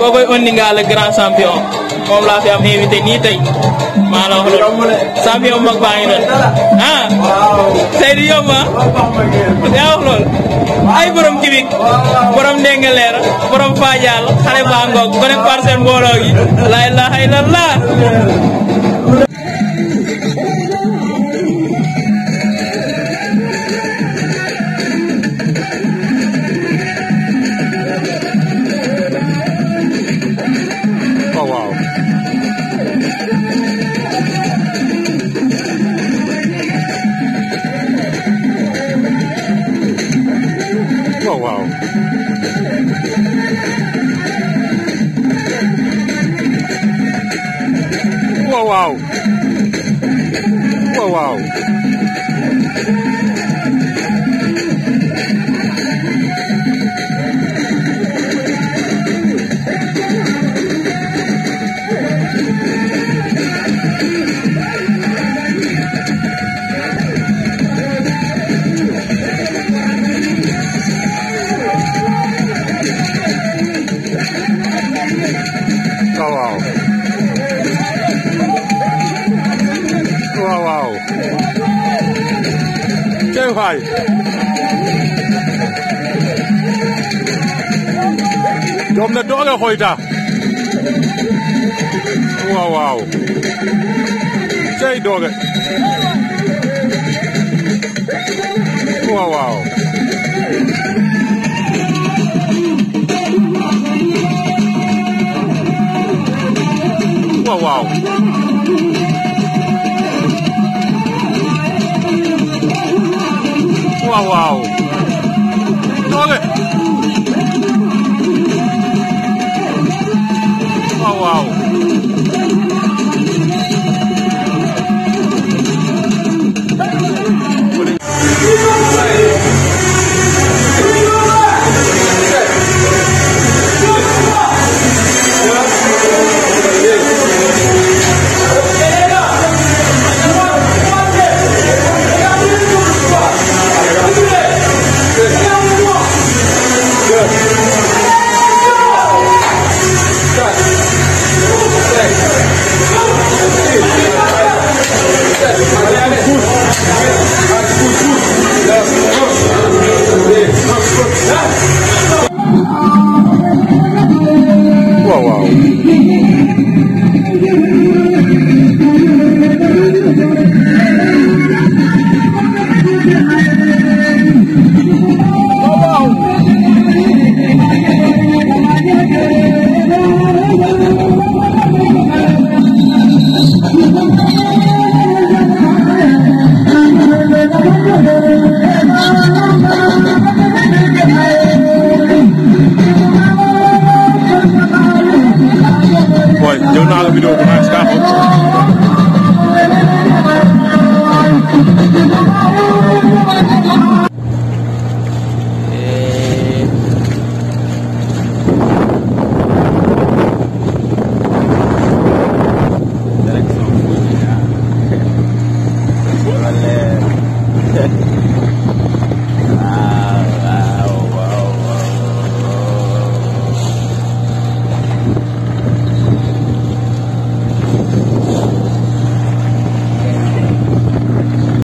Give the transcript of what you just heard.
kookoy Ondinga le grand champion moom laa fi am nii tey maa la wax loolu mag baa ngi doon ah Seydou Yomba ah! yaa wax ay borom kibik borom ndengaleer borom faajaal xale baa ngoog ko nekk parcelle mbooloo la ilaha illallah whoa. Whoa, whoa. Ndiaye Faye doom waaw waaw cey doole uau, uau. but they're not let me be it when I stop